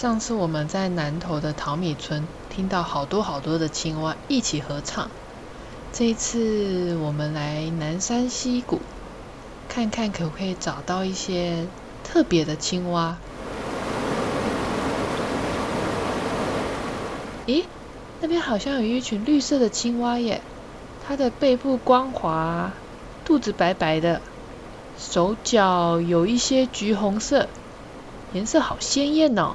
上次我們在南投的桃米村聽到好多好多的青蛙一起合唱。這一次我們來南山溪谷看看，可不可以找到一些特別的青蛙？咦，那邊好像有一群綠色的青蛙耶！它的背部光滑，肚子白白的，手腳有一些橘紅色，顏色好鮮豔哦。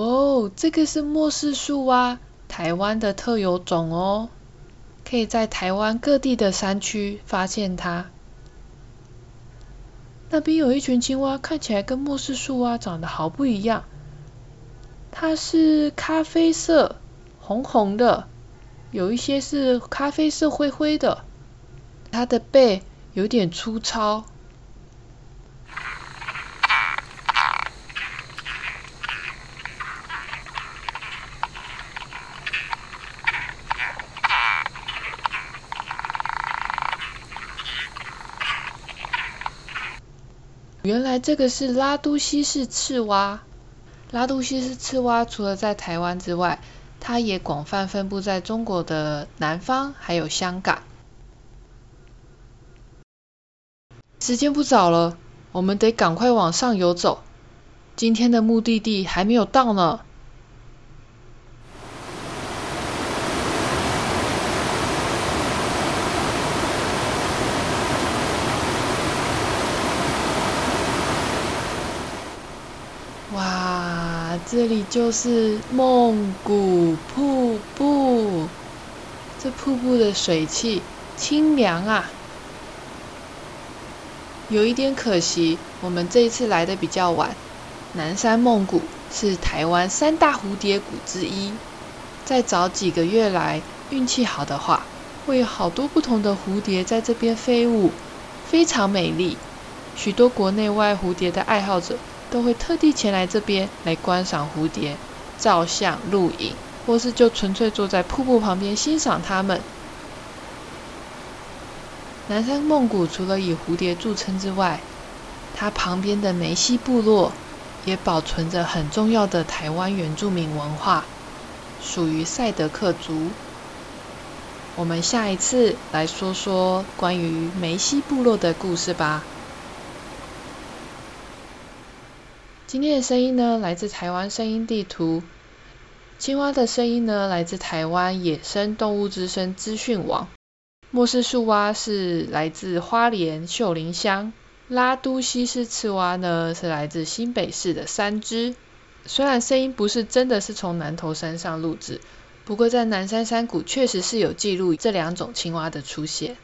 哦，這個是莫氏樹蛙，台灣的特有種哦，可以在台灣各地的山區發現它。那邊有一群青蛙，看起來跟莫氏樹蛙長得好不一樣。它是咖啡色、紅紅的，有一些是咖啡色、灰灰的。它的背有點粗糙。原來這個是拉都希氏赤蛙。拉都希氏赤蛙除了在台灣之外，它也廣泛分布在中國的南方，還有香港。時間不早了，我們得趕快往上游走。今天的目的地還沒有到呢。哇，這裡就是夢谷瀑布，這瀑布的水汽清涼啊！有一點可惜，我們這一次來得比較晚。南山夢谷是台灣三大蝴蝶谷之一，再早幾個月來，運氣好的話，會有好多不同的蝴蝶在這邊飛舞，非常美麗。許多國內外蝴蝶的愛好者。都會特地前來這邊來觀賞蝴蝶、照相、錄影，或是就純粹坐在瀑布旁邊欣賞他們。南山夢谷除了以蝴蝶著稱之外，它旁邊的眉溪部落也保存着很重要的台灣原住民文化，屬於賽德克族。我們下一次來說說關於眉溪部落的故事吧。今天的聲音呢，來自台灣聲音地圖。青蛙的聲音呢，來自台灣野生動物之聲資訊網。莫氏樹蛙是來自花蓮秀林鄉，拉都希氏赤蛙呢是來自新北市的三芝。雖然聲音不是真的是從南投山上錄製，不過在南山山谷確實是有記錄這兩種青蛙的出現。